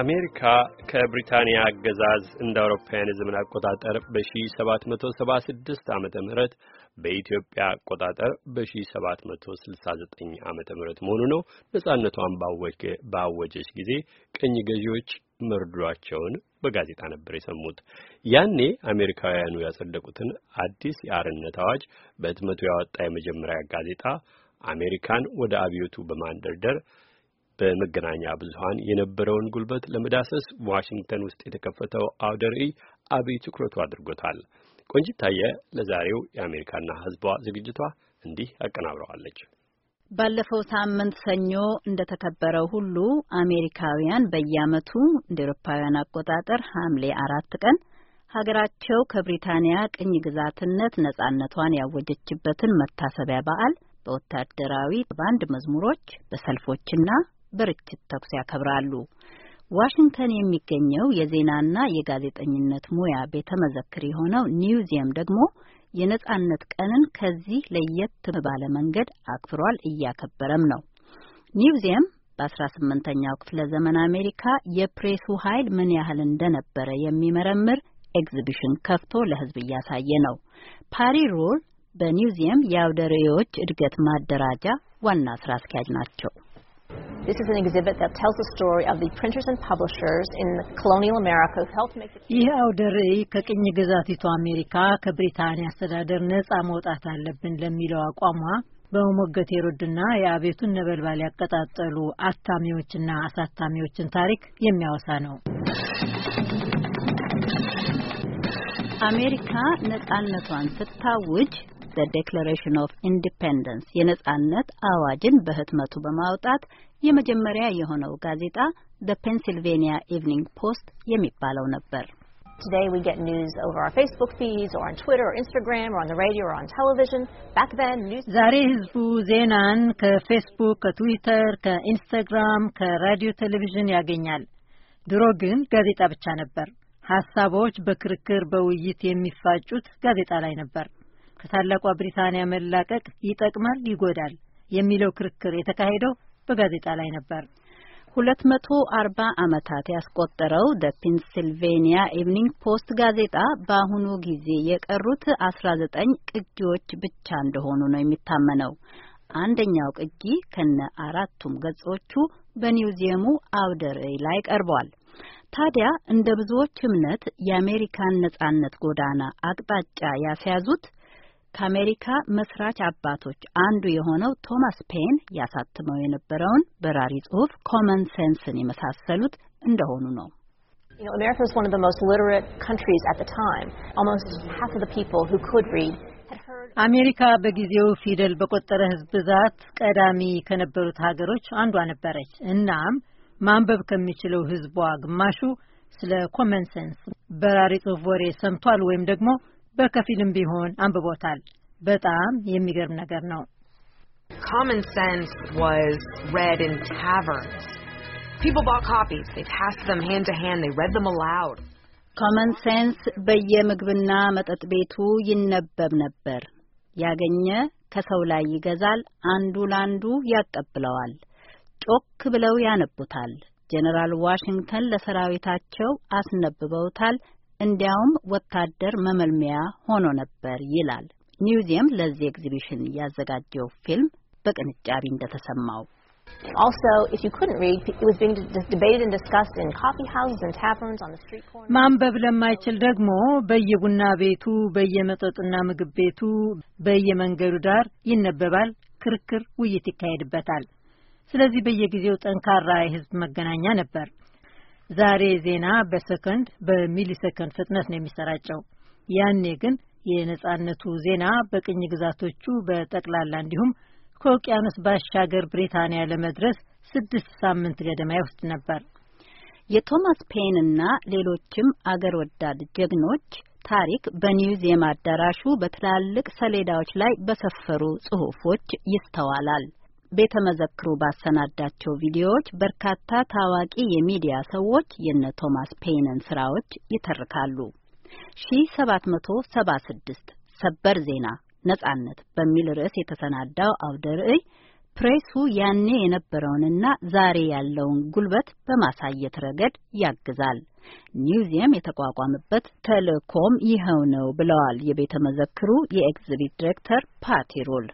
አሜሪካ ከብሪታንያ አገዛዝ እንደ አውሮፓውያን የዘመን አቆጣጠር በ1776 ዓመተ ምህረት በኢትዮጵያ አቆጣጠር በ1769 ዓመተ ምህረት መሆኑ ነው። ነጻነቷን ባወጀች ጊዜ ቀኝ ገዢዎች መርዷቸውን በጋዜጣ ነበር የሰሙት። ያኔ አሜሪካውያኑ ያጸደቁትን አዲስ የአርነት አዋጅ በህትመቱ ያወጣ የመጀመሪያ ጋዜጣ አሜሪካን ወደ አብዮቱ በማንደርደር በመገናኛ ብዙሃን የነበረውን ጉልበት ለመዳሰስ ዋሽንግተን ውስጥ የተከፈተው አውደ ርዕይ አብይ ትኩረቱ አድርጎታል። ቆንጅታየ ለዛሬው የአሜሪካና ህዝቧ ዝግጅቷ እንዲህ አቀናብረዋለች። ባለፈው ሳምንት ሰኞ እንደተከበረው ሁሉ አሜሪካውያን በየዓመቱ እንደ ኤሮፓውያን አቆጣጠር ሐምሌ አራት ቀን ሀገራቸው ከብሪታንያ ቅኝ ግዛትነት ነጻነቷን ያወጀችበትን መታሰቢያ በዓል በወታደራዊ ባንድ መዝሙሮች፣ በሰልፎችና በርችት ተኩስ ያከብራሉ። ዋሽንግተን የሚገኘው የዜናና የጋዜጠኝነት ሙያ ቤተ መዘክር የሆነው ኒውዚየም ደግሞ የነጻነት ቀንን ከዚህ ለየት ባለ መንገድ አክብሯል፣ እያከበረም ነው። ኒውዚየም በ18ኛው ክፍለ ዘመን አሜሪካ የፕሬሱ ኃይል ምን ያህል እንደነበረ የሚመረምር ኤግዚቢሽን ከፍቶ ለሕዝብ እያሳየ ነው። ፓሪ ሮል በኒውዚየም የአውደ ርዕዮች እድገት ማደራጃ ዋና ስራ አስኪያጅ ናቸው። ይህ አውደ ርዕይ ከቅኝ ግዛቲቱ አሜሪካ ከብሪታንያ አስተዳደር ነጻ መውጣት አለብን ለሚለው አቋሟ በመሞገት የሩድና የአቤቱን ነበልባል ያቀጣጠሉ አታሚዎችና አሳታሚዎችን ታሪክ የሚያወሳ ነው። አሜሪካ ነጻነቷን ስታውጅ ዘ ዴክላሬሽን ኦፍ ኢንዲፔንደንስ የነጻነት አዋጅን በህትመቱ በማውጣት የመጀመሪያ የሆነው ጋዜጣ ዘ ፔንሲልቬኒያ ኢቭኒንግ ፖስት የሚባለው ነበር። Today we get news over our Facebook feeds or on Twitter or Instagram or on the radio or on television. Back then news ዛሬ ህዝቡ ዜናን ከፌስቡክ፣ ከትዊተር፣ ከኢንስታግራም፣ ከራዲዮ ቴሌቪዥን ያገኛል። ድሮ ግን ጋዜጣ ብቻ ነበር። ሀሳቦች በክርክር በውይይት የሚፋጩት ጋዜጣ ላይ ነበር። ከታላቋ ብሪታንያ መላቀቅ ይጠቅማል፣ ይጎዳል የሚለው ክርክር የተካሄደው በጋዜጣ ላይ ነበር። ሁለት መቶ አርባ ዓመታት ያስቆጠረው ደ ፔንሲልቬኒያ ኢቭኒንግ ፖስት ጋዜጣ በአሁኑ ጊዜ የቀሩት አስራ ዘጠኝ ቅጂዎች ብቻ እንደሆኑ ነው የሚታመነው። አንደኛው ቅጂ ከነ አራቱም ገጾቹ በኒውዚየሙ አውደ ርዕይ ላይ ቀርቧል። ታዲያ እንደ ብዙዎች እምነት የአሜሪካን ነጻነት ጎዳና አቅጣጫ ያስያዙት ከአሜሪካ መስራች አባቶች አንዱ የሆነው ቶማስ ፔን ያሳትመው የነበረውን በራሪ ጽሑፍ ኮመን ሴንስን የመሳሰሉት እንደሆኑ ነው። አሜሪካ በጊዜው ፊደል በቆጠረ ሕዝብ ብዛት ቀዳሚ ከነበሩት ሀገሮች አንዷ ነበረች። እናም ማንበብ ከሚችለው ሕዝቧ ግማሹ ስለ ኮመን ሴንስ በራሪ ጽሑፍ ወሬ ሰምቷል ወይም ደግሞ በከፊልም ቢሆን አንብቦታል። በጣም የሚገርም ነገር ነው። Common sense was read in taverns. People bought copies. They passed them hand to hand. They read them aloud. Common sense በየምግብና መጠጥ ቤቱ ይነበብ ነበር። ያገኘ ከሰው ላይ ይገዛል፣ አንዱ ላንዱ ያቀብለዋል። ጮክ ብለው ያነቡታል። ጄኔራል ዋሽንግተን ለሰራዊታቸው አስነብበውታል። እንዲያውም ወታደር መመልመያ ሆኖ ነበር ይላል ኒውዚየም ለዚህ ኤግዚቢሽን ያዘጋጀው ፊልም በቅንጫቢ እንደተሰማው ማንበብ ለማይችል ደግሞ በየቡና ቤቱ፣ በየመጠጥና ምግብ ቤቱ፣ በየመንገዱ ዳር ይነበባል። ክርክር፣ ውይይት ይካሄድበታል። ስለዚህ በየጊዜው ጠንካራ የህዝብ መገናኛ ነበር። ዛሬ ዜና በሰከንድ በሚሊ ሰከንድ ፍጥነት ነው የሚሰራጨው። ያኔ ግን የነጻነቱ ዜና በቅኝ ግዛቶቹ በጠቅላላ እንዲሁም ከውቅያኖስ ባሻገር ብሪታንያ ለመድረስ ስድስት ሳምንት ገደማ ይወስድ ነበር። የቶማስ ፔን እና ሌሎችም አገር ወዳድ ጀግኖች ታሪክ በኒውዝ አዳራሹ በትላልቅ ሰሌዳዎች ላይ በሰፈሩ ጽሁፎች ይስተዋላል። ቤተ መዘክሩ ባሰናዳቸው ቪዲዮዎች በርካታ ታዋቂ የሚዲያ ሰዎች የነ ቶማስ ፔይንን ስራዎች ይተርካሉ። ስድስት ሰበር ዜና ነጻነት በሚል ርዕስ የተሰናዳው አውደ ርዕይ ፕሬሱ ያኔ የነበረውንና ዛሬ ያለውን ጉልበት በማሳየት ረገድ ያግዛል። ኒውዚየም የተቋቋመበት ተልእኮም ይኸው ነው ብለዋል የቤተ መዘክሩ የኤግዚቢት ዲሬክተር ፓቲ ሩል።